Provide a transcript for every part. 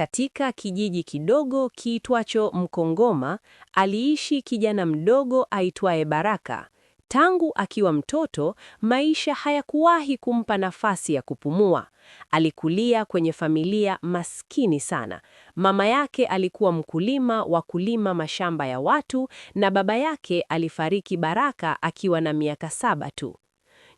Katika kijiji kidogo kiitwacho Mkongoma aliishi kijana mdogo aitwaye Baraka. Tangu akiwa mtoto, maisha hayakuwahi kumpa nafasi ya kupumua. Alikulia kwenye familia maskini sana. Mama yake alikuwa mkulima wa kulima mashamba ya watu na baba yake alifariki Baraka akiwa na miaka saba tu.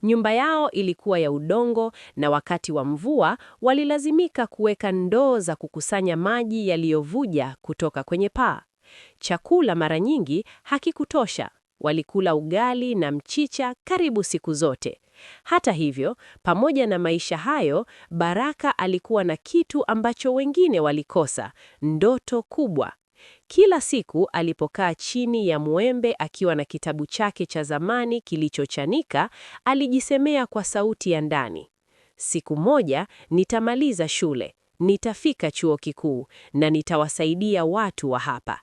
Nyumba yao ilikuwa ya udongo na wakati wa mvua walilazimika kuweka ndoo za kukusanya maji yaliyovuja kutoka kwenye paa. Chakula mara nyingi hakikutosha. Walikula ugali na mchicha karibu siku zote. Hata hivyo, pamoja na maisha hayo, Baraka alikuwa na kitu ambacho wengine walikosa, ndoto kubwa. Kila siku alipokaa chini ya mwembe akiwa na kitabu chake cha zamani kilichochanika, alijisemea kwa sauti ya ndani, siku moja nitamaliza shule, nitafika chuo kikuu na nitawasaidia watu wa hapa.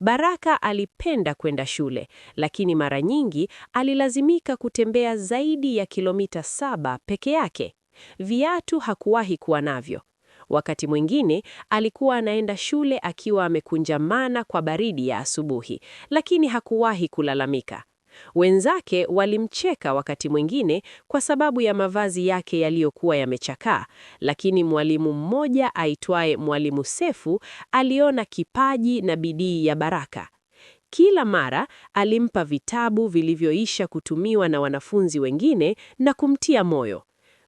Baraka alipenda kwenda shule, lakini mara nyingi alilazimika kutembea zaidi ya kilomita saba peke yake. Viatu hakuwahi kuwa navyo, Wakati mwingine alikuwa anaenda shule akiwa amekunjamana kwa baridi ya asubuhi, lakini hakuwahi kulalamika. Wenzake walimcheka wakati mwingine kwa sababu ya mavazi yake yaliyokuwa yamechakaa, lakini mwalimu mmoja aitwaye Mwalimu Sefu aliona kipaji na bidii ya Baraka. Kila mara alimpa vitabu vilivyoisha kutumiwa na wanafunzi wengine na kumtia moyo.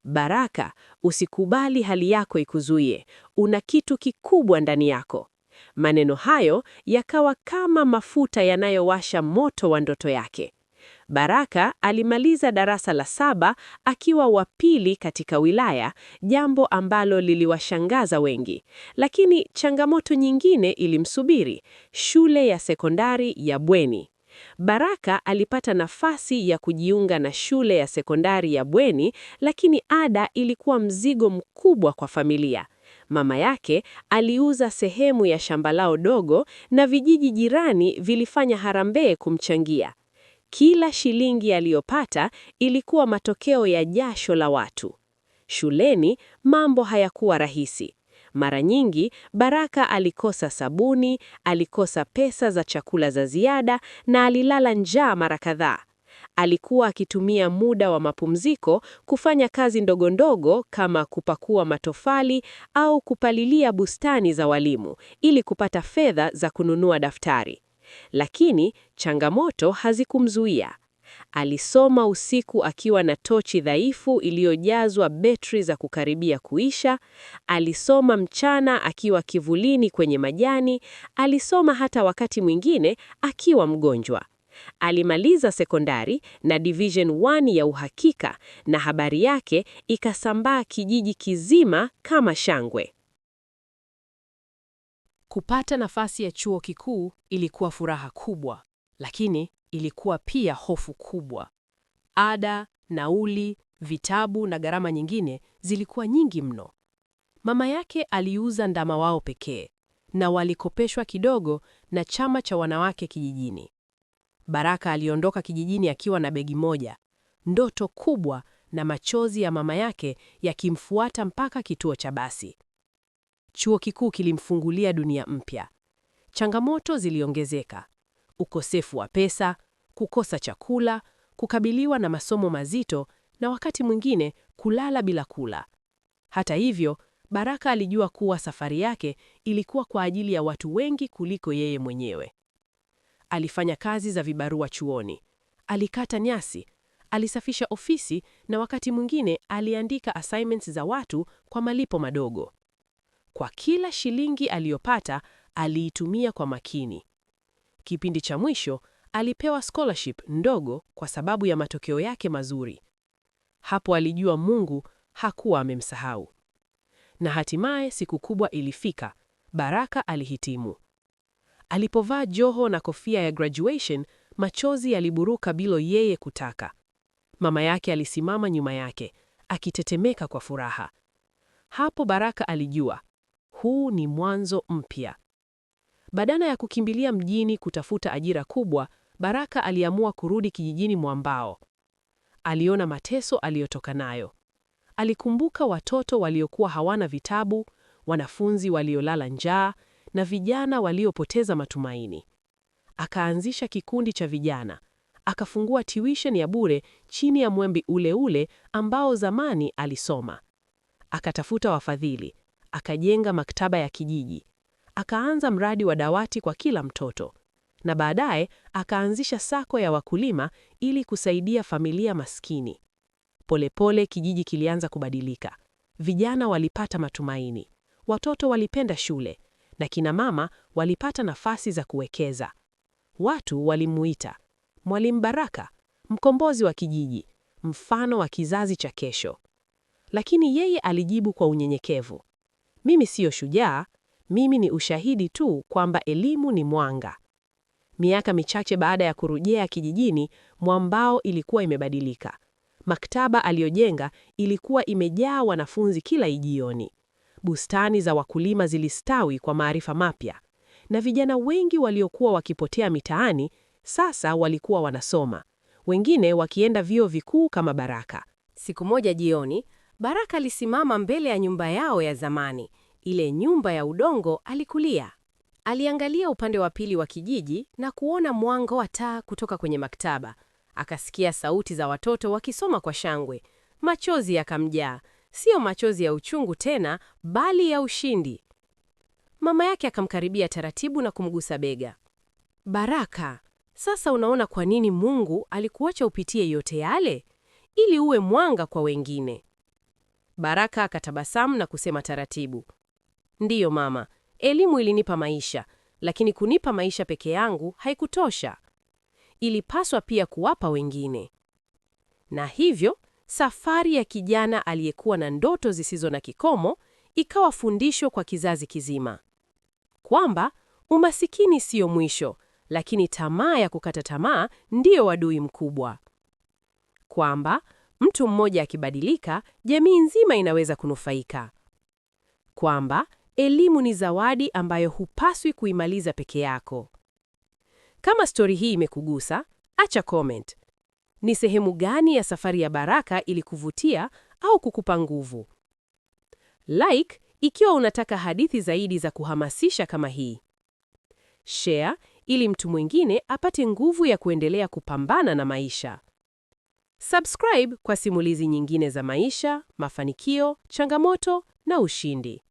Baraka, usikubali hali yako ikuzuie. Una kitu kikubwa ndani yako. Maneno hayo yakawa kama mafuta yanayowasha moto wa ndoto yake. Baraka alimaliza darasa la saba akiwa wa pili katika wilaya, jambo ambalo liliwashangaza wengi. Lakini changamoto nyingine ilimsubiri, shule ya sekondari ya bweni. Baraka alipata nafasi ya kujiunga na shule ya sekondari ya bweni, lakini ada ilikuwa mzigo mkubwa kwa familia. Mama yake aliuza sehemu ya shamba lao dogo na vijiji jirani vilifanya harambee kumchangia. Kila shilingi aliyopata ilikuwa matokeo ya jasho la watu. Shuleni mambo hayakuwa rahisi. Mara nyingi Baraka alikosa sabuni, alikosa pesa za chakula za ziada na alilala njaa mara kadhaa. Alikuwa akitumia muda wa mapumziko kufanya kazi ndogo ndogo kama kupakua matofali au kupalilia bustani za walimu ili kupata fedha za kununua daftari. Lakini changamoto hazikumzuia. Alisoma usiku akiwa na tochi dhaifu iliyojazwa betri za kukaribia kuisha. Alisoma mchana akiwa kivulini kwenye majani. Alisoma hata wakati mwingine akiwa mgonjwa. Alimaliza sekondari na Division 1 ya uhakika na habari yake ikasambaa kijiji kizima kama shangwe. Kupata nafasi ya chuo kikuu ilikuwa furaha kubwa, lakini ilikuwa pia hofu kubwa. Ada, nauli, vitabu na gharama nyingine zilikuwa nyingi mno. Mama yake aliuza ndama wao pekee na walikopeshwa kidogo na chama cha wanawake kijijini. Baraka aliondoka kijijini akiwa na begi moja, ndoto kubwa na machozi ya mama yake yakimfuata mpaka kituo cha basi. Chuo kikuu kilimfungulia dunia mpya. Changamoto ziliongezeka ukosefu wa pesa, kukosa chakula, kukabiliwa na masomo mazito na wakati mwingine kulala bila kula. Hata hivyo, Baraka alijua kuwa safari yake ilikuwa kwa ajili ya watu wengi kuliko yeye mwenyewe. Alifanya kazi za vibarua chuoni, alikata nyasi, alisafisha ofisi na wakati mwingine aliandika assignments za watu kwa malipo madogo. Kwa kila shilingi aliyopata, aliitumia kwa makini. Kipindi cha mwisho alipewa scholarship ndogo kwa sababu ya matokeo yake mazuri. Hapo alijua Mungu hakuwa amemsahau. Na hatimaye siku kubwa ilifika. Baraka alihitimu. Alipovaa joho na kofia ya graduation, machozi yaliburuka bila yeye kutaka. Mama yake alisimama nyuma yake akitetemeka kwa furaha. Hapo Baraka alijua huu ni mwanzo mpya. Badala ya kukimbilia mjini kutafuta ajira kubwa, Baraka aliamua kurudi kijijini Mwambao. Aliona mateso aliyotoka nayo. Alikumbuka watoto waliokuwa hawana vitabu, wanafunzi waliolala njaa na vijana waliopoteza matumaini. Akaanzisha kikundi cha vijana, akafungua tuition ya bure chini ya mwembi ule ule ambao zamani alisoma. Akatafuta wafadhili, akajenga maktaba ya kijiji, akaanza mradi wa dawati kwa kila mtoto, na baadaye akaanzisha sako ya wakulima ili kusaidia familia maskini. Polepole kijiji kilianza kubadilika. Vijana walipata matumaini, watoto walipenda shule na kina mama walipata nafasi za kuwekeza. Watu walimuita Mwalimu Baraka, mkombozi wa kijiji, mfano wa kizazi cha kesho. Lakini yeye alijibu kwa unyenyekevu, mimi siyo shujaa, mimi ni ushahidi tu kwamba elimu ni mwanga. Miaka michache baada ya kurejea kijijini, Mwambao ilikuwa imebadilika. Maktaba aliyojenga ilikuwa imejaa wanafunzi kila ijioni. Bustani za wakulima zilistawi kwa maarifa mapya, na vijana wengi waliokuwa wakipotea mitaani sasa walikuwa wanasoma, wengine wakienda vyuo vikuu kama Baraka. Siku moja jioni, Baraka alisimama mbele ya nyumba yao ya zamani ile nyumba ya udongo alikulia. Aliangalia upande wa pili wa kijiji na kuona mwanga wa taa kutoka kwenye maktaba. Akasikia sauti za watoto wakisoma kwa shangwe. Machozi yakamjaa, sio machozi ya uchungu tena, bali ya ushindi. Mama yake akamkaribia taratibu na kumgusa bega. Baraka, sasa unaona kwa nini Mungu alikuacha upitie yote yale, ili uwe mwanga kwa wengine. Baraka akatabasamu na kusema taratibu, Ndiyo mama, elimu ilinipa maisha, lakini kunipa maisha peke yangu haikutosha. Ilipaswa pia kuwapa wengine. Na hivyo safari ya kijana aliyekuwa na ndoto zisizo na kikomo ikawa fundisho kwa kizazi kizima, kwamba umasikini siyo mwisho, lakini tamaa ya kukata tamaa ndiyo adui mkubwa, kwamba mtu mmoja akibadilika, jamii nzima inaweza kunufaika, kwamba elimu ni zawadi ambayo hupaswi kuimaliza peke yako. Kama stori hii imekugusa, acha comment. Ni sehemu gani ya safari ya Baraka ilikuvutia au kukupa nguvu? Like ikiwa unataka hadithi zaidi za kuhamasisha kama hii. Share ili mtu mwingine apate nguvu ya kuendelea kupambana na maisha. Subscribe kwa simulizi nyingine za maisha, mafanikio, changamoto na ushindi.